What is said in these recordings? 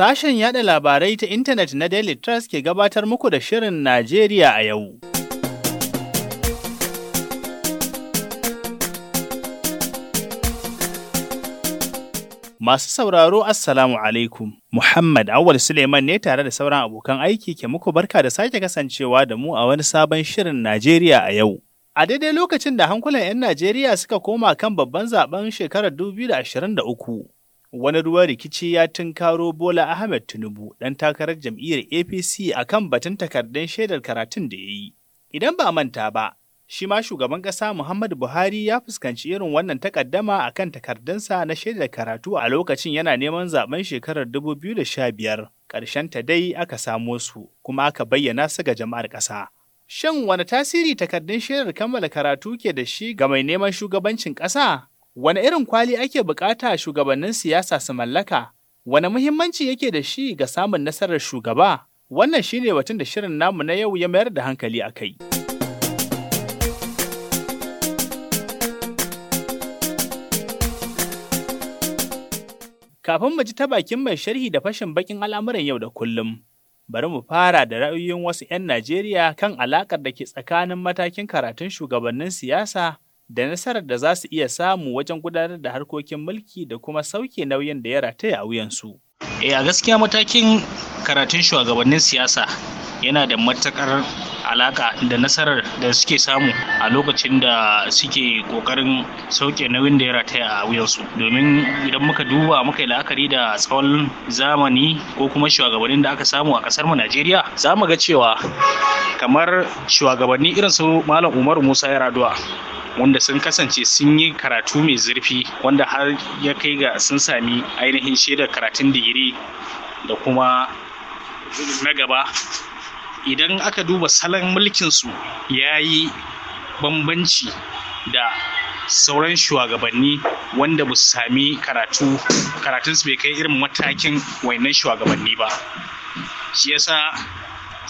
Sashen yada labarai ta intanet na Daily Trust ke gabatar muku da Shirin Najeriya a yau. Masu sauraro Assalamu alaikum. Muhammad Awal Suleiman ne tare da sauran abokan aiki ke muku barka da sake kasancewa da mu a wani sabon Shirin Najeriya a yau. A daidai lokacin da hankulan 'yan Najeriya suka koma kan babban zaben shekarar 2023. wani ruwan rikici ya tunkaro Bola Ahmed Tinubu ɗan takarar jam'iyyar APC a kan batun takardun shaidar karatun da ya yi. Idan ba manta ba, shi ma shugaban ƙasa Muhammadu Buhari ya fuskanci irin wannan takaddama a kan takardunsa na shaidar karatu a lokacin yana neman zaben shekarar 2015. ta dai aka samo su, kuma aka bayyana su ga jama'ar ƙasa. Shin wani tasiri takardun shaidar kammala karatu ke da shi ga mai neman shugabancin ƙasa? Wane irin kwali ake bukata shugabannin siyasa su mallaka? Wane muhimmanci yake da shi ga samun nasarar shugaba? Wannan shine batun da shirin namu na yau ya mayar da hankali a kai. Kafin mu ji ta bakin mai sharhi da fashin bakin al'amuran yau da kullum, bari mu fara da ra'ayoyin wasu 'yan Najeriya kan alaƙar da ke tsakanin matakin karatun shugabannin siyasa da nasarar da za su iya samu wajen gudanar da harkokin mulki da kuma sauke nauyin da ya rataya a wuyansu. E a gaskiya matakin karatun shugabannin siyasa yana da matakar alaka da nasarar da suke samu a lokacin da suke kokarin sauke nauyin da ya rataya a wuyansu domin idan muka duba muka yi la'akari da tsawon zamani ko kuma shugabannin da aka samu a kasar mu Najeriya za mu ga cewa kamar shugabanni irin su Malam Umar Musa Yar'adua wanda sun kasance sun yi karatu mai zurfi wanda har ya kai ga sun sami ainihin shaidar karatun digiri da kuma na gaba idan aka duba salon mulkinsu ya yi bambanci da sauran shugabanni wanda ba su sami karatu karatunsu bai kai irin matakin wainan shugabanni ba shi yasa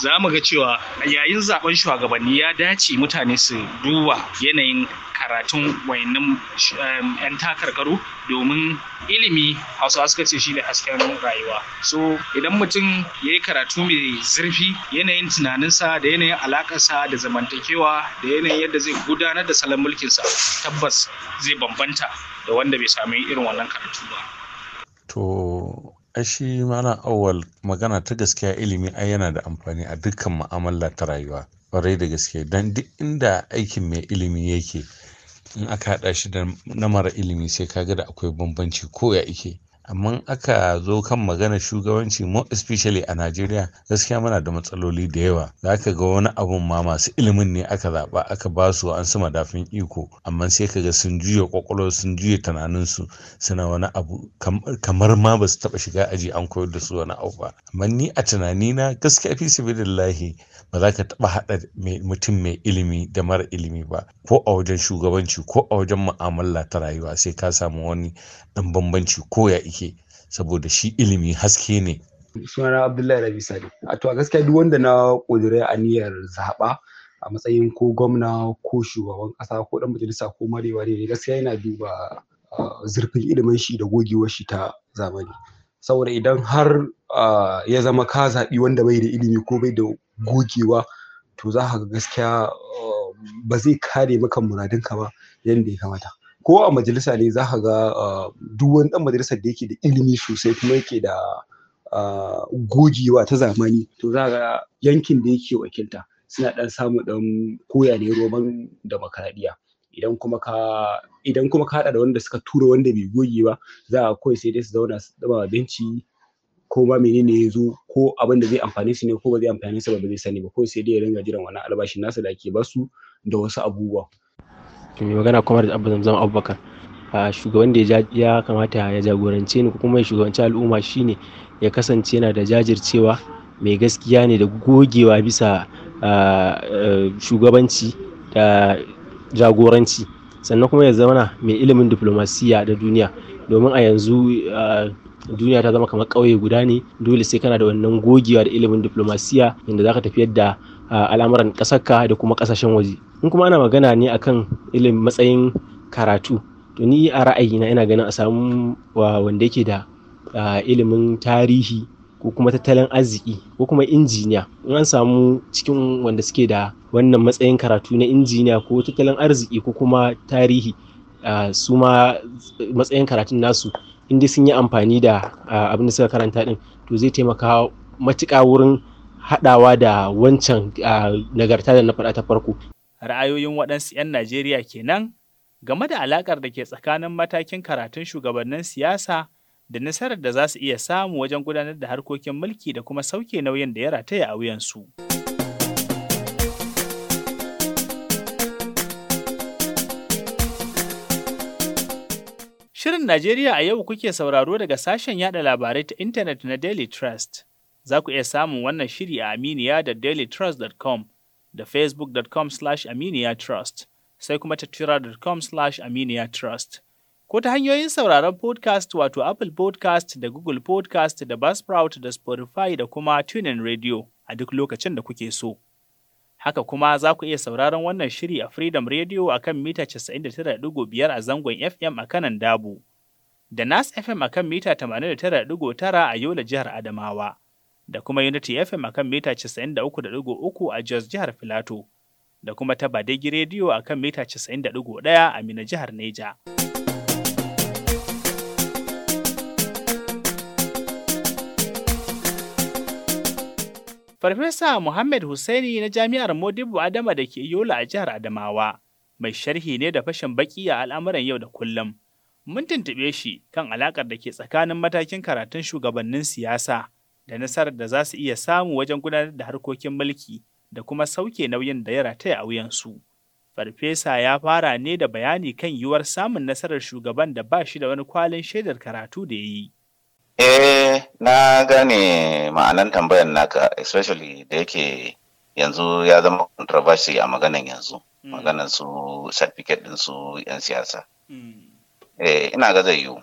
za mu ga cewa yayin zaben shugabanni ya dace mutane su duba yanayin karatun wayannan um, 'yan takarkaru domin ilimi hausa suka ce shi ne hasken rayuwa so idan mutum ya yi karatu mai zurfi yanayin tunaninsa da yanayin alakarsa da zamantakewa da yanayin yadda zai gudanar da salon mulkinsa tabbas zai bambanta da wanda bai sami irin wannan karatu ba to Shi mana Auwal magana ta gaskiya ilimi ai yana da amfani a dukkan mu'amala ta rayuwa ƙwarai da gaske don duk inda aikin mai ilimi yake in aka haɗa shi da na mara ilimi sai ka ga da akwai bambanci ko ya ike. amma aka zo kan magana shugabanci mo especially a Najeriya gaskiya muna da matsaloli da yawa za ka ga wani abu ma masu ilimin ne aka zaba, aka ba su an su madafin iko amma sai ka ga sun juya kwakwalwa sun juya tunaninsu suna wani abu kamar ma ba su taɓa shiga aji an koyar da su wani abu ba amma ni a tunani na gaskiya fi billahi ba za ka taɓa haɗa mutum mai ilimi da mara ilimi ba ko a wajen shugabanci ko a wajen mu'amala ta rayuwa sai ka samu wani dan bambanci ko ya iki yake saboda shi ilimi haske ne sunana abdullahi rabi sani a to a gaskiya duk wanda na a niyyar zaɓa a matsayin ko gwamna ko shugaban ƙasa ko ɗan majalisa ko marewa ne gaskiya yana duba zurfin ilimin shi da gogewar shi ta zamani saboda idan har ya zama ka zaɓi wanda bai da ilimi ko bai da gogewa to za ka ga gaskiya ba zai kare maka muradinka ba yadda ya kamata ko a majalisa ne za ka ga ah, duk wani dan majalisar da yake da ilimi sosai kuma yake da ah, gogewa ta zamani to za ga yankin da yake wakilta suna dan samun ɗan koya ne roman demokradiyya idan kuma ka idan kuma ka haɗa da wanda suka tura wanda bai goge ba za a koyi sai dai su zauna su daba benci ko ba menene ya zo ko abin da zai amfani su ne ko ba zai amfani su ba ba zai sani ba ko sai dai ya ringa jiran wani albashin nasa da ake basu da wasu abubuwa mai magana kuma da abin zamzam abubakar shugaban da ya kamata ya jagorance ni kuma ya shugabanci al'umma shine ya kasance yana da jajircewa mai gaskiya ne da gogewa bisa shugabanci da jagoranci sannan kuma ya zama mai ilimin diplomasiya da duniya domin a yanzu duniya ta zama kamar ƙauye guda ne dole sai kana da wannan gogewa da ilimin diplomasiya inda zaka tafiyar da al'amuran ƙasarka da kuma ƙasashen waje in kuma ana magana ne akan ilimin matsayin karatu to ni a ra'ayina ina ganin a samu wanda yake da ilimin tarihi ko kuma tattalin arziki ko kuma injiniya in an samu cikin wanda suke da wannan matsayin karatu na injiniya ko tattalin arziki ko kuma tarihi su ma matsayin karatun nasu inda sun yi amfani da abin da suka karanta din to zai taimaka matuƙa wurin haɗawa da wancan nagarta da na faɗa ta farko. Ra'ayoyin waɗansu 'yan Najeriya kenan game da alaƙar da ke tsakanin matakin karatun shugabannin siyasa da nasarar da za su iya samu wajen gudanar da harkokin mulki da kuma sauke nauyin da ya rataya a wuyansu. Shirin Najeriya a yau kuke sauraro daga sashen yada labarai ta intanet na Daily Trust. Za ku iya samun wannan shiri a Aminiya da dailytrust.com da facebook.com slash aminiya trust sai kuma tattura.com slash aminiya trust. Ko ta hanyoyin sauraron podcast wato Apple podcast da Google podcast da Buzzsprout da Spotify da kuma TuneIn Radio a duk lokacin da kuke so. Haka kuma za ku iya sauraron wannan shiri a Freedom Radio a kan mita 99.5 a zangon FM a kanan Dabu, da Nas FM a kan mita 89.9 a Yola jihar Adamawa. da kuma Unity FM akan mita 93.3 a Jos jihar Filato da kuma ta Badegi Radio akan mita 90.1 a Mina jihar Neja. Farfesa Muhammad Hussaini na Jami'ar Modibu Adama da ke Yola a jihar Adamawa, mai sharhi ne da fashin baki a al'amuran yau da kullum. Mun tuntuɓe shi kan alaƙar da ke tsakanin matakin karatun shugabannin siyasa da nasarar da za su iya samu wajen gudanar da harkokin mulki da kuma sauke nauyin da ya rataya a wuyansu. Farfesa ya fara ne da bayani kan yiwuwar samun nasarar shugaban da ba shi da wani kwalin shaidar karatu da ya yi. Eh, na gane ma'anan tambayar naka, especially da yake yanzu ya zama controversy a maganan yanzu, hmm. maganan su certificate din su 'yan siyasa. Hmm. Eh, ina ga zai yiwu.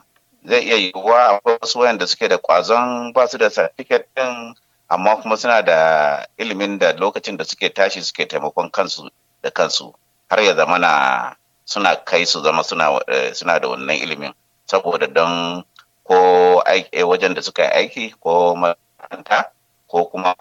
zai iya yiwuwa akwai wasu wayanda suke da kwazon ba su da certificate din amma kuma suna da ilimin da lokacin da suke tashi suke taimakon kansu da kansu har ya zama na suna kai su zama eh, suna da wannan ilimin saboda don ko eh, wajen da suka yi aiki ko makaranta ko kuma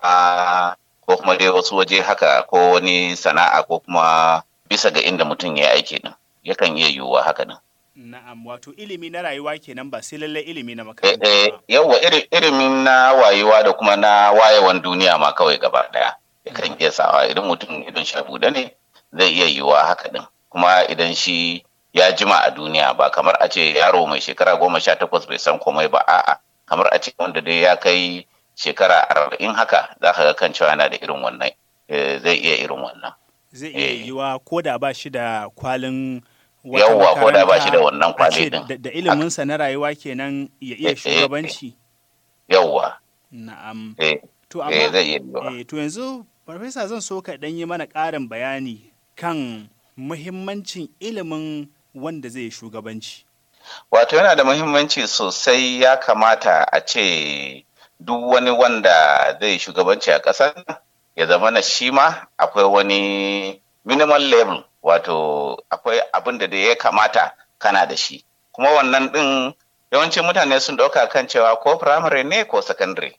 ko kuma dai wasu waje haka ko wani sana'a ko kuma bisa ga inda mutum ya aiki din yakan iya yiwuwa haka din Na'am, wato ilimi na rayuwa kenan ba sai lallai ilimi na eh, makaranta. Eh, yawa ilimin na wayewa da kuma na wayewan duniya ma kawai gaba daya. Yakan mm. iya sawa idan mutum idan sha buɗe ne zai iya yiwa haka din. Kuma idan shi ya jima a duniya ba kamar a ce yaro mai shekara goma sha takwas bai san komai ba a'a kamar a ce wanda dai ya kai shekara arba'in haka za ka ga kan cewa yana da irin wannan eh, zai iya irin wannan. Zai iya eh. yiwa ko da ba shi da kwalin yawwa ko da ba shi da wannan kwali din da ilimin sa na rayuwa kenan ya iya eh, eh, shugabanci eh. yawwa na'am to amma to yanzu farfesa zan so ka dan yi mana ƙarin bayani kan muhimmancin ilimin wanda zai shugabanci wato yana da muhimmanci sosai ya kamata a ce duk wani wanda zai shugabanci a ƙasar ya zama na shi ma akwai wani minimal level wato akwai abin da ya kamata kana da shi kuma wannan ɗin yawancin mutane sun ɗauka kan cewa ko firamare ne ko sakandare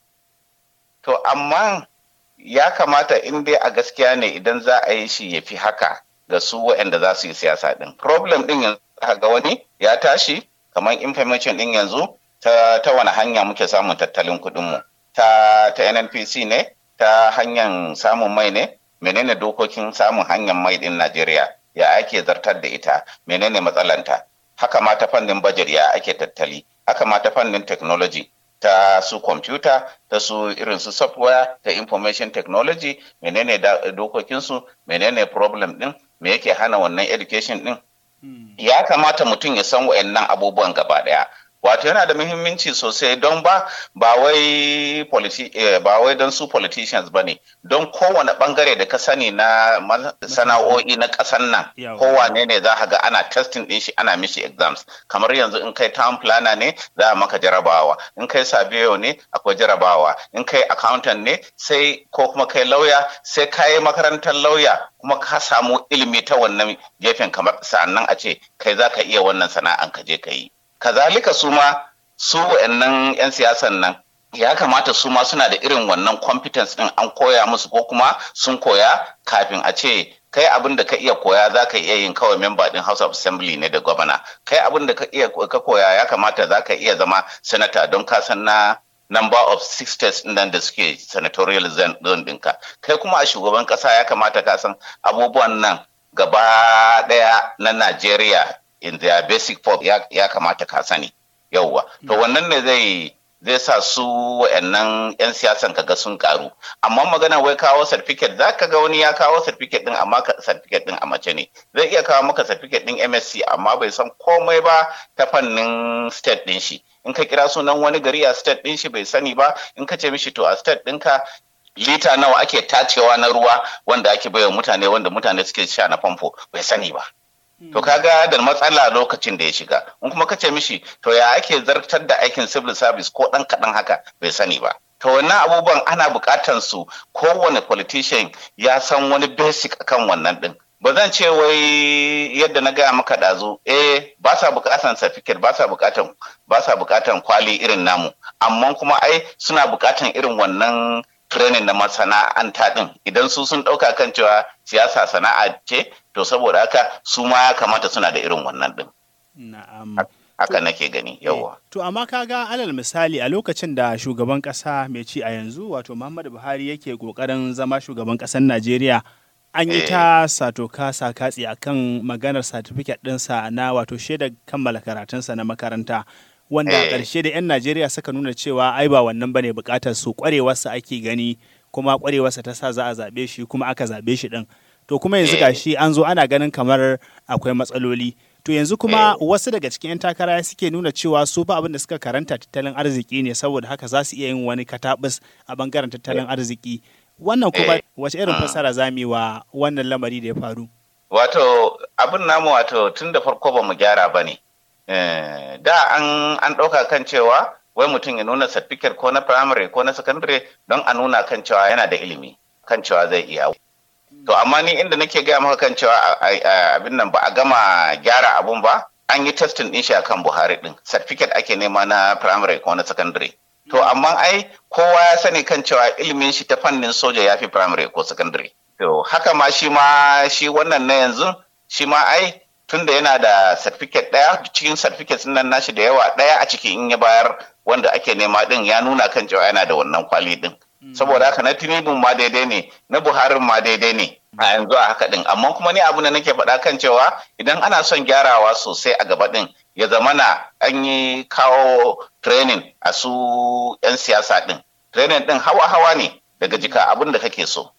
to amma ya kamata in dai a gaskiya ne idan za a yi shi ya fi haka ga su waɗanda za su yi siyasa ɗin problem ɗin yanzu ga wani ya tashi kamar information ɗin yanzu ta, ta wani hanya muke samun tattalin kuɗinmu ta, ta nnpc ne ta hanyar samun mai ne menene dokokin samun hanyar mai ɗin najeriya ya ake zartar da ita menene matsalanta haka ma ta fannin bajet ya ake tattali haka ma ta fannin technology ta su computer ta su irin su software ta information technology menene dokokinsu menene problem din me yake hana wannan education din hmm. ya kamata mutum ya san wa'annan abubuwan gaba daya wato yana da muhimmanci sosai don eh, ba wai don su politicians ba ne don kowane bangare da ka sani na sana'o'i na kasan nan kowane ne za ga ana testing din shi ana mishi exams kamar yanzu in kai town planner ne za a maka jarabawa in kai Sabio ne akwai jarabawa in kai accountant ne sai ko kuma kai lauya sai ka yi makarantar lauya kuma ka samu ilimi ta wannan gefen kamar sannan a ce kai za ka iya wannan sana'an ka je ka yi kazalika su ma su wa'annan 'yan siyasan nan ya kamata su ma suna da irin wannan competence din an koya musu ko kuma sun koya kafin a ce kai abin da ka iya koya za ka iya yin kawai memba din house of assembly ne da gwamna kai abin da ka iya koya ya kamata za ka iya zama senator don ka san na number of six states din nan da suke senatorial zone dinka kai kuma a shugaban kasa ya kamata ka san abubuwan nan gaba daya na Najeriya in their basic form ya kamata ka sani yauwa to mm. wannan ne zai zai sa su wa'annan 'yan siyasan kaga sun karu amma magana wai kawo certificate za ka ga wani ya kawo certificate din amma certificate din a mace ne zai iya kawo maka certificate din MSc amma bai san komai ba ta fannin state din shi in ka kira sunan wani gari a state din shi bai sani ba in ka ce mishi to a state ɗinka lita nawa ake tacewa na ruwa wanda ake baiwa mutane wanda mutane suke sha na famfo bai sani ba To kaga da matsala lokacin da ya shiga. In kuma kace mishi to ya ake zartar da aikin civil service ko dan kaɗan haka bai sani ba. To wannan abubuwan ana buƙatar su kowane politician ya san wani basic akan wannan ɗin. Ba zan ce wai yadda na gaya maka ɗazu, eh ba sa bukatan certificate ba sa bukatan kwali irin namu, amma kuma ai suna bukatan irin wannan training na masana'anta ɗin idan su sun ɗauka kan cewa siyasa sana'a ce to saboda haka su ma ya kamata suna da irin wannan din na'am haka nake gani eh, yawa to amma kaga alal misali a lokacin da shugaban ƙasa mai ci a yanzu wato Muhammadu Buhari yake kokarin zama shugaban ƙasar Najeriya an yi ta eh. satoka sakatsi a kan maganar satifiket ɗinsa na wato shaidar kammala karatunsa na makaranta wanda a eh. ƙarshe da 'yan najeriya suka nuna cewa ai ba wannan bane buƙatar su ƙwarewarsa ake gani kuma ƙwarewarsa ta sa za a zaɓe shi kuma aka zaɓe shi ɗin to kuma yanzu eh. gashi an zo ana ganin kamar akwai matsaloli to yanzu kuma eh. wasu daga cikin 'yan takara suke nuna cewa su ba abin da suka karanta tattalin arziki ne saboda haka za su iya yin wani katabus a bangaren tattalin eh. arziki wannan kuma wace irin ah. fassara za mu wa wannan lamari da ya faru wato abin namu wato tun da farko ba mu gyara ba ne da an ɗauka kan cewa wai mutum ya nuna certificate ko na firamare ko na sakandare don a nuna kan cewa yana da ilimi kan cewa zai iya To amma ni inda nake gaya maka kan cewa abin nan ba a gama gyara abun ba, an yi testin din shi kan Buhari din. Certificate ake nema na primary ko na secondary. To hmm. amma ai kowa ya sani kan cewa ilimin shi ta fannin soja ya fi primary ko secondary. To haka ma shi ma shi wannan na yanzu shi ma ai tunda yana da certificate ɗaya cikin certificates nan nashi da yawa ɗaya a cikin in ya bayar wanda ake nema ɗin ya nuna kan cewa yana da wannan kwali ɗin. Mm. saboda haka na Tinubu ma daidai ne na buharin ma daidai ne a yanzu a haka din amma kuma ni abin da nake faɗa kan cewa idan ana son gyarawa sosai a gaba din ya zama na an yi kawo training a su 'yan siyasa din training din hawa-hawa ne daga jika abin da kake so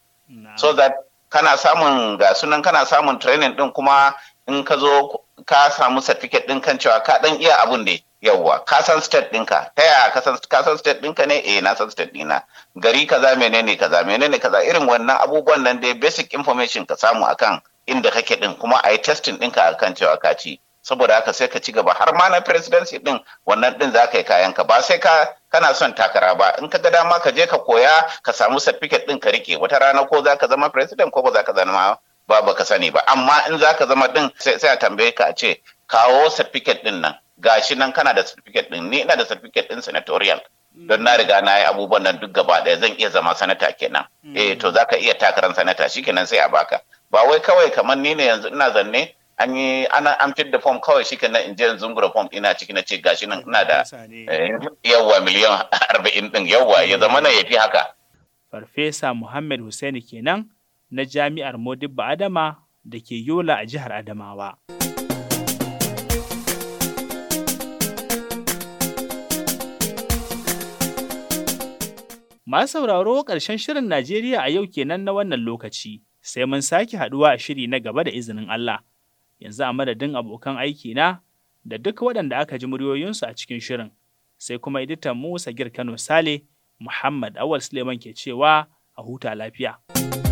so that kana samun ga sunan kana samun training din kuma in ka zo ka samu certificate din kan cewa ka dan iya abun ne yawwa ka san state ɗinka ta yaya ka san state ɗinka ne eh na san state ɗina gari kaza menene kaza menene kaza irin wannan abubuwan nan dai basic information ka samu akan inda kake ɗin kuma a yi testing ɗinka akan cewa ka ci saboda haka sai ka ci gaba har ma na presidency ɗin wannan din za ka yi kayan ka ba sai ka kana son takara ba in ka ga dama ka je ka koya ka samu certificate ɗin ka rike wata rana ko za ka zama president ko ba za ka zama ba ba ka sani ba amma in za ka zama ɗin sai a tambaye ka a ce kawo certificate ɗin nan gashi nan kana da certificate din ni ina da certificate din senatorial don na riga na yi abubuwan nan duk gaba ɗaya zan iya zama sanata kenan mm. eh to zaka iya takarar sanata shikenan sai a baka ba wai kawai kamar ni ne yanzu ina zanne an yi ana an fit da form kawai shikenan in je in zungura form ina ciki na ce gashi nan ina da eh, yawwa miliyan arba'in din yawwa ya zama na yafi haka farfesa muhammad hussaini kenan na jami'ar modibba adama da ke yola a jihar adamawa. Masu sauraro ƙarshen shirin Najeriya a yau kenan na wannan lokaci, sai mun sake haɗuwa a shiri na gaba da izinin Allah. Yanzu a madadin abokan aiki na da duk waɗanda aka ji muryoyinsu a cikin shirin, sai kuma editan Musa Girkano Kano Sale, Muhammad Awal Suleiman ke cewa a huta lafiya.